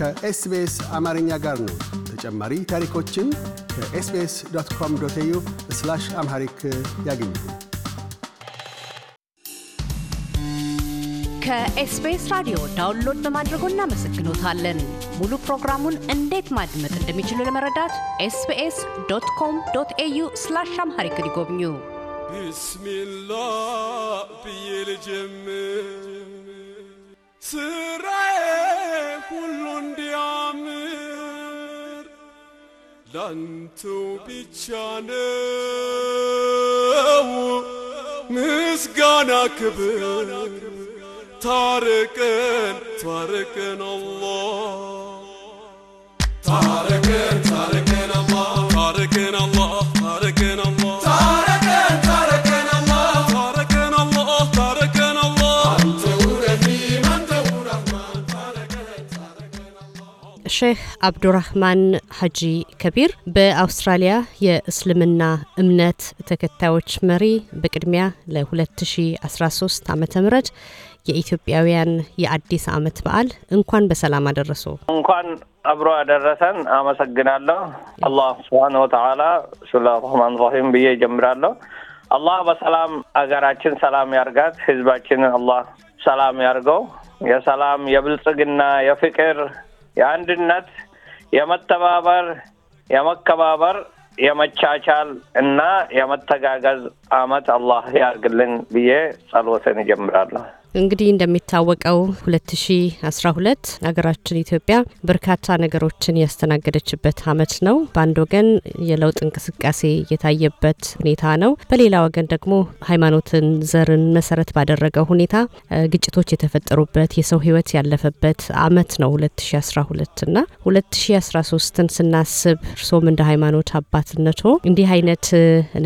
ከኤስቢኤስ አማርኛ ጋር ነው። ተጨማሪ ታሪኮችን ከኤስቢኤስ ዶት ኮም ዶት ዩ ስላሽ አምሃሪክ ያገኙ። ከኤስቢኤስ ራዲዮ ዳውንሎድ በማድረጎ እናመሰግኖታለን። ሙሉ ፕሮግራሙን እንዴት ማድመጥ እንደሚችሉ ለመረዳት ኤስቢኤስ ዶት ኮም ዶት ኤዩ ስላሽ አምሃሪክ ይጎብኙ። ብስሚላ ብዬ ልጀምር ስራዬ ሁሉ እንዲያምር ላንተው ብቻ ነው ምስጋና ክብር ታርቅን ታርቅን አላህ ታርቅን ሼህ አብዱራህማን ሀጂ ከቢር በአውስትራሊያ የእስልምና እምነት ተከታዮች መሪ፣ በቅድሚያ ለ2013 ዓ ም የኢትዮጵያውያን የአዲስ ዓመት በዓል እንኳን በሰላም አደረሱ። እንኳን አብሮ ያደረሰን። አመሰግናለሁ። አላህ ስብሓን ወተዓላ ስላ ራህማን ራሂም ብዬ ጀምራለሁ። አላህ በሰላም አገራችን ሰላም ያርጋት። ህዝባችን አላህ ሰላም ያርገው። የሰላም የብልጽግና የፍቅር የአንድነት፣ የመተባበር፣ የመከባበር፣ የመቻቻል እና የመተጋገዝ አመት አላህ ያርግልን ብዬ ጸሎትን እጀምራለሁ። እንግዲህ እንደሚታወቀው 2012 ሀገራችን ኢትዮጵያ በርካታ ነገሮችን ያስተናገደችበት አመት ነው። በአንድ ወገን የለውጥ እንቅስቃሴ የታየበት ሁኔታ ነው። በሌላ ወገን ደግሞ ሃይማኖትን፣ ዘርን መሰረት ባደረገው ሁኔታ ግጭቶች የተፈጠሩበት የሰው ህይወት ያለፈበት አመት ነው 2012 እና 2013ን ስናስብ እርሶም እንደ ሃይማኖት አባትነቶ እንዲህ አይነት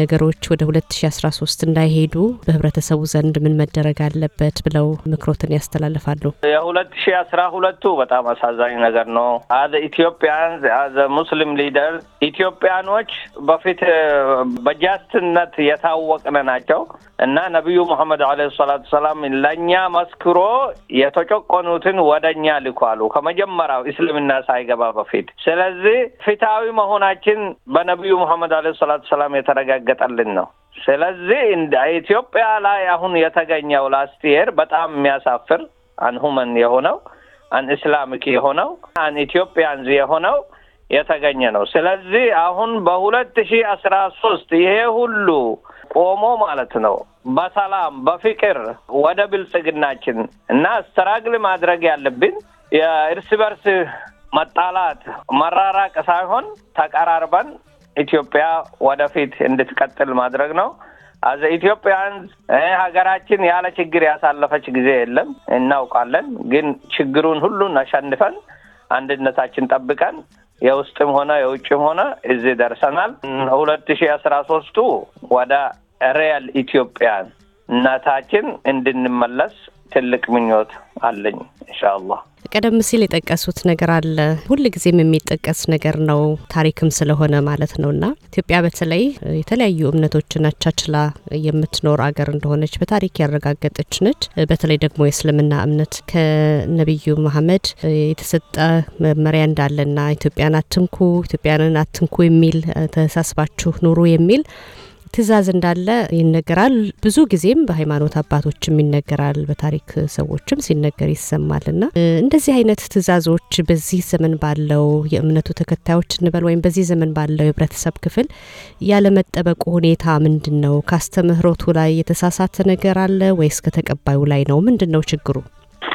ነገሮች ወደ 2013 እንዳይሄዱ በህብረተሰቡ ዘንድ ምን መደረግ አለበት ብለው ምክሮትን ያስተላልፋሉ? የሁለት ሺ አስራ ሁለቱ በጣም አሳዛኝ ነገር ነው። አዘ ኢትዮጵያንስ አዘ ሙስሊም ሊደር ኢትዮጵያኖች በፊት በጃስትነት የታወቅነ ናቸው እና ነቢዩ መሐመድ አለ ሰላቱ ሰላም ለእኛ መስክሮ የተጨቆኑትን ወደ እኛ ልኳሉ ከመጀመሪያው እስልምና ሳይገባ በፊት። ስለዚህ ፊታዊ መሆናችን በነቢዩ መሐመድ አለ ሰላቱ ሰላም የተረጋገጠልን ነው። ስለዚህ እንደ ኢትዮጵያ ላይ አሁን የተገኘው ላስቲየር በጣም የሚያሳፍር አንሁመን የሆነው አን ኢስላሚክ የሆነው አን ኢትዮጵያንዝ የሆነው የተገኘ ነው። ስለዚህ አሁን በሁለት ሺ አስራ ሶስት ይሄ ሁሉ ቆሞ ማለት ነው በሰላም በፍቅር ወደ ብልጽግናችን እና ስትራግል ማድረግ ያለብን የእርስ በርስ መጣላት መራራቅ ሳይሆን ተቀራርበን ኢትዮጵያ ወደፊት እንድትቀጥል ማድረግ ነው። አዘ ኢትዮጵያን eh, ሀገራችን ያለ ችግር ያሳለፈች ጊዜ የለም እናውቃለን። ግን ችግሩን ሁሉን አሸንፈን አንድነታችን ጠብቀን የውስጥም ሆነ የውጭም ሆነ እዚህ ደርሰናል። ሁለት ሺ አስራ ሶስቱ ወደ ሪያል ኢትዮጵያ እናታችን እንድንመለስ ትልቅ ምኞት አለኝ ኢንሻአላህ። ቀደም ሲል የጠቀሱት ነገር አለ፣ ሁል ጊዜም የሚጠቀስ ነገር ነው፣ ታሪክም ስለሆነ ማለት ነው ና ኢትዮጵያ በተለይ የተለያዩ እምነቶችን አቻችላ የምትኖር አገር እንደሆነች በታሪክ ያረጋገጠች ነች። በተለይ ደግሞ የእስልምና እምነት ከነቢዩ መሐመድ የተሰጠ መመሪያ እንዳለና ኢትዮጵያን አትንኩ፣ ኢትዮጵያንን አትንኩ የሚል ተሳስባችሁ ኑሩ የሚል ትእዛዝ እንዳለ ይነገራል። ብዙ ጊዜም በሃይማኖት አባቶችም ይነገራል፣ በታሪክ ሰዎችም ሲነገር ይሰማል። እና እንደዚህ አይነት ትእዛዞች በዚህ ዘመን ባለው የእምነቱ ተከታዮች እንበል ወይም በዚህ ዘመን ባለው የህብረተሰብ ክፍል ያለመጠበቁ ሁኔታ ምንድን ነው? ካስተምህሮቱ ላይ የተሳሳተ ነገር አለ ወይስ ከተቀባዩ ላይ ነው? ምንድን ነው ችግሩ?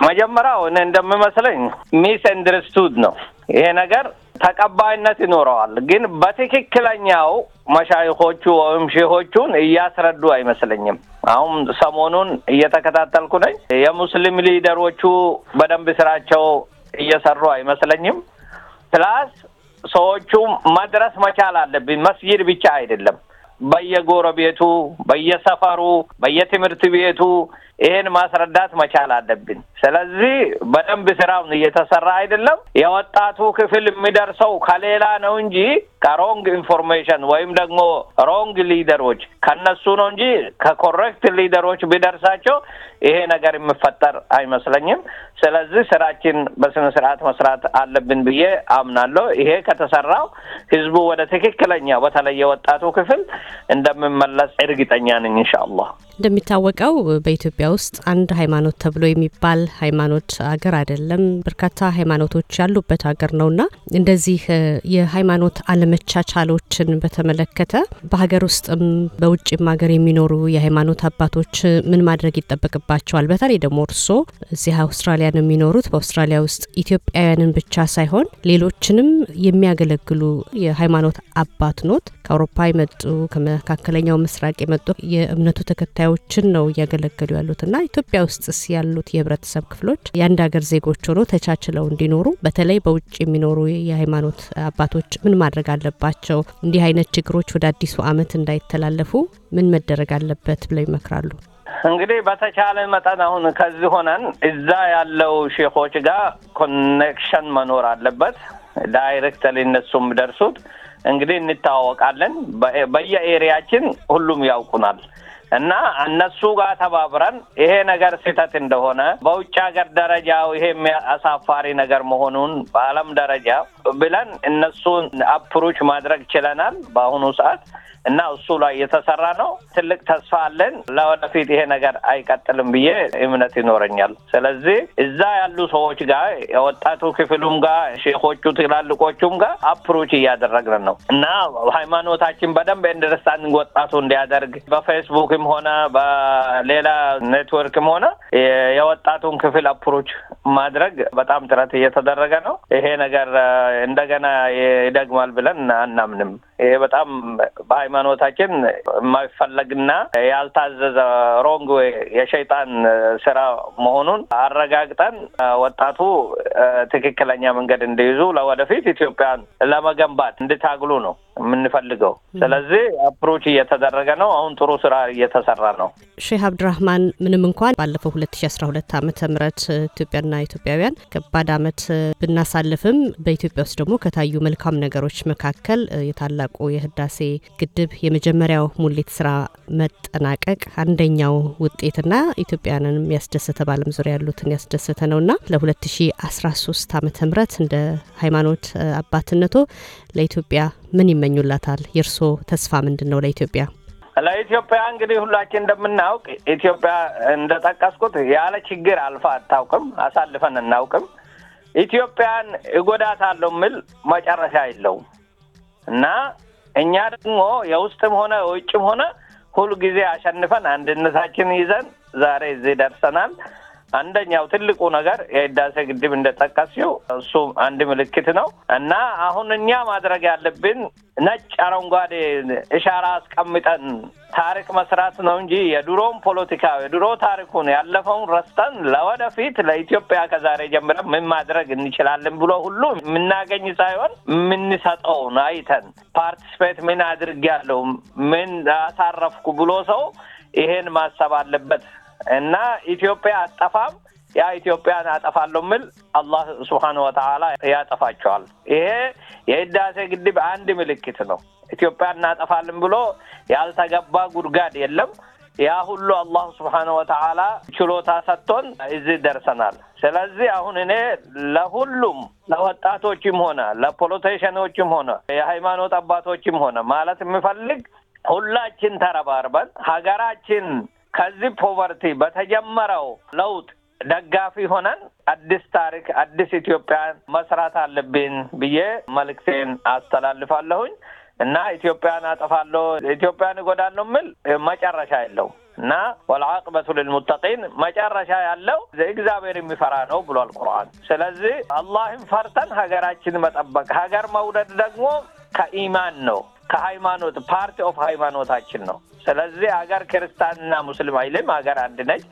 መጀመሪያው እኔ እንደሚመስለኝ ሚስ አንደርስቱድ ነው ይሄ ነገር ተቀባይነት ይኖረዋል። ግን በትክክለኛው መሻይኮቹ ወይም ሼሆቹን እያስረዱ አይመስለኝም። አሁን ሰሞኑን እየተከታተልኩ ነኝ። የሙስሊም ሊደሮቹ በደንብ ስራቸው እየሰሩ አይመስለኝም። ፕላስ ሰዎቹ መድረስ መቻል አለብኝ። መስጊድ ብቻ አይደለም በየጎረቤቱ፣ በየሰፈሩ፣ በየትምህርት ቤቱ ይሄን ማስረዳት መቻል አለብን። ስለዚህ በደንብ ስራውን እየተሰራ አይደለም። የወጣቱ ክፍል የሚደርሰው ከሌላ ነው እንጂ ከሮንግ ኢንፎርሜሽን ወይም ደግሞ ሮንግ ሊደሮች ከነሱ ነው እንጂ ከኮሬክት ሊደሮች ቢደርሳቸው ይሄ ነገር የሚፈጠር አይመስለኝም። ስለዚህ ስራችን በስነ ስርዓት መስራት አለብን ብዬ አምናለሁ። ይሄ ከተሰራው ህዝቡ ወደ ትክክለኛ በተለየ ወጣቱ ክፍል እንደምመለስ እርግጠኛ ነኝ አላህ። እንደሚታወቀው በኢትዮጵያ ውስጥ አንድ ሃይማኖት ተብሎ የሚባል ሃይማኖት አገር አይደለም። በርካታ ሃይማኖቶች ያሉበት ሀገር ነውና እንደዚህ የሃይማኖት አለመቻቻሎችን በተመለከተ በሀገር ውስጥም በውጭም ሀገር የሚኖሩ የሃይማኖት አባቶች ምን ማድረግ ይጠበቅባቸዋል? በተለይ ደግሞ እርሶ እዚህ አውስትራሊያ ነው የሚኖሩት። በአውስትራሊያ ውስጥ ኢትዮጵያውያንን ብቻ ሳይሆን ሌሎችንም የሚያገለግሉ የሃይማኖት አባት ኖት። ከአውሮፓ የመጡ ከመካከለኛው ምስራቅ የመጡ የእምነቱ ተከታዮ ጉዳዮችን ነው እያገለገሉ ያሉት እና ኢትዮጵያ ውስጥስ ያሉት የህብረተሰብ ክፍሎች የአንድ ሀገር ዜጎች ሆኖ ተቻችለው እንዲኖሩ በተለይ በውጭ የሚኖሩ የሃይማኖት አባቶች ምን ማድረግ አለባቸው? እንዲህ አይነት ችግሮች ወደ አዲሱ ዓመት እንዳይተላለፉ ምን መደረግ አለበት ብለው ይመክራሉ? እንግዲህ በተቻለ መጠን አሁን ከዚህ ሆነን እዛ ያለው ሼኮች ጋር ኮኔክሽን መኖር አለበት። ዳይሬክት ሊነሱም ደርሱት እንግዲህ እንታዋወቃለን። በየኤሪያችን ሁሉም ያውቁናል። እና እነሱ ጋር ተባብረን ይሄ ነገር ስህተት እንደሆነ በውጭ ሀገር ደረጃው ይሄ አሳፋሪ ነገር መሆኑን በዓለም ደረጃ ብለን እነሱን አፕሮች ማድረግ ችለናል። በአሁኑ ሰዓት እና እሱ ላይ የተሰራ ነው። ትልቅ ተስፋ አለን። ለወደፊት ይሄ ነገር አይቀጥልም ብዬ እምነት ይኖረኛል። ስለዚህ እዛ ያሉ ሰዎች ጋር የወጣቱ ክፍሉም ጋር ሼኮቹ ትላልቆቹም ጋር አፕሮች እያደረግን ነው እና ሃይማኖታችን በደንብ ኢንደርስታንዲንግ ወጣቱ እንዲያደርግ በፌስቡክም ሆነ በሌላ ኔትወርክም ሆነ የወጣቱን ክፍል አፕሮች ማድረግ በጣም ጥረት እየተደረገ ነው። ይሄ ነገር እንደገና ይደግማል ብለን አናምንም። ይሄ በጣም በሃይማኖታችን የማይፈለግና ያልታዘዘ ሮንግ የሸይጣን ስራ መሆኑን አረጋግጠን ወጣቱ ትክክለኛ መንገድ እንዲይዙ ለወደፊት ኢትዮጵያን ለመገንባት እንድታግሉ ነው። የምንፈልገው። ስለዚህ አፕሮች እየተደረገ ነው። አሁን ጥሩ ስራ እየተሰራ ነው። ሼህ አብድራህማን ምንም እንኳን ባለፈው ሁለት ሺ አስራ ሁለት አመተ ምህረት ኢትዮጵያና ኢትዮጵያውያን ከባድ አመት ብናሳልፍም በኢትዮጵያ ውስጥ ደግሞ ከታዩ መልካም ነገሮች መካከል የታላቁ የህዳሴ ግድብ የመጀመሪያው ሙሌት ስራ መጠናቀቅ አንደኛው ውጤትና ኢትዮጵያንንም ያስደሰተ በዓለም ዙሪያ ያሉትን ያስደሰተ ነውና ለ2013 ዓ ም እንደ ሃይማኖት አባትነቶ ለኢትዮጵያ ምን ይመኙላታል? የእርስዎ ተስፋ ምንድን ነው ለኢትዮጵያ? ለኢትዮጵያ እንግዲህ ሁላችን እንደምናውቅ ኢትዮጵያ እንደጠቀስኩት ያለ ችግር አልፋ አታውቅም፣ አሳልፈን እናውቅም። ኢትዮጵያን እጎዳታለሁ የሚል መጨረሻ የለውም እና እኛ ደግሞ የውስጥም ሆነ የውጭም ሆነ ሁልጊዜ አሸንፈን አንድነታችን ይዘን ዛሬ እዚህ ደርሰናል። አንደኛው ትልቁ ነገር የህዳሴ ግድብ እንደጠቀስው እሱ አንድ ምልክት ነው እና አሁን እኛ ማድረግ ያለብን ነጭ አረንጓዴ እሻራ አስቀምጠን ታሪክ መስራት ነው እንጂ የድሮውን ፖለቲካ የድሮ ታሪኩን ያለፈውን ረስተን ለወደፊት ለኢትዮጵያ ከዛሬ ጀምረን ምን ማድረግ እንችላለን ብሎ ሁሉ የምናገኝ ሳይሆን የምንሰጠውን አይተን ፓርቲስፔት ምን ያለው ምን አሳረፍኩ ብሎ ሰው ይሄን ማሰብ አለበት እና ኢትዮጵያ አጠፋም ያ ኢትዮጵያን አጠፋለሁ ምል አላህ ስብሓን ወተዓላ ያጠፋቸዋል። ይሄ የህዳሴ ግድብ አንድ ምልክት ነው። ኢትዮጵያ እናጠፋለን ብሎ ያልተገባ ጉድጓድ የለም። ያ ሁሉ አላህ ስብሓን ወተዓላ ችሎታ ሰጥቶን እዚህ ደርሰናል። ስለዚህ አሁን እኔ ለሁሉም ለወጣቶችም ሆነ ለፖለቲሽኖችም ሆነ የሃይማኖት አባቶችም ሆነ ማለት የምፈልግ ሁላችን ተረባርበን ሀገራችን ከዚህ ፖቨርቲ በተጀመረው ለውጥ ደጋፊ ሆነን አዲስ ታሪክ አዲስ ኢትዮጵያን መስራት አለብን ብዬ መልእክቴን አስተላልፋለሁኝ እና ኢትዮጵያን አጠፋለሁ፣ ኢትዮጵያን እጎዳለሁ የሚል መጨረሻ የለው እና ወልዓቅበቱ ልልሙተቂን መጨረሻ ያለው እግዚአብሔር የሚፈራ ነው ብሏል ቁርአን። ስለዚህ አላህን ፈርተን ሀገራችን መጠበቅ ሀገር መውደድ ደግሞ ከኢማን ነው። ከሃይማኖት ፓርቲ ኦፍ ሃይማኖታችን ነው። ስለዚህ አገር ክርስቲያንና ሙስሊም አይልም። አገር አንድ ነች።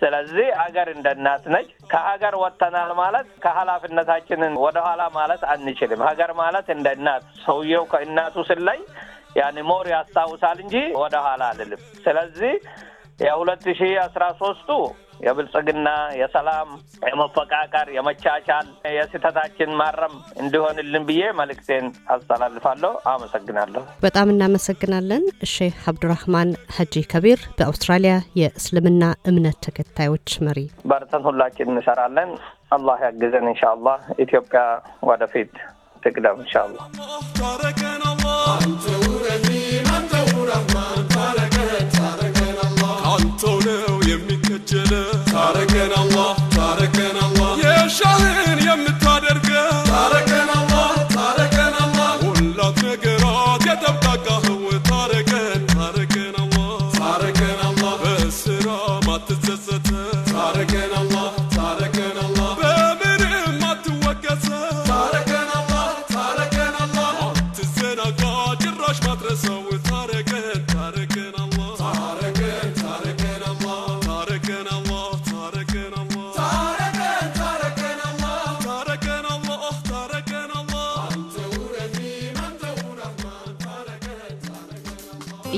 ስለዚህ አገር እንደ እናት ነች። ከሀገር ወጥተናል ማለት ከኃላፊነታችንን ወደኋላ ማለት አንችልም። ሀገር ማለት እንደ እናት ሰውየው ከእናቱ ስለይ ያን ሞር ያስታውሳል እንጂ ወደኋላ አልልም። ስለዚህ የሁለት ሺህ አስራ ሶስቱ የብልጽግና፣ የሰላም፣ የመፈቃቀር፣ የመቻቻል፣ የስህተታችን ማረም እንዲሆንልን ብዬ መልእክቴን አስተላልፋለሁ። አመሰግናለሁ። በጣም እናመሰግናለን ሼህ አብዱራህማን ሀጂ ከቢር፣ በአውስትራሊያ የእስልምና እምነት ተከታዮች መሪ። በርተን ሁላችን እንሰራለን። አላህ ያግዘን። እንሻ አላህ ኢትዮጵያ ወደፊት ትቅደም። እንሻ አላህ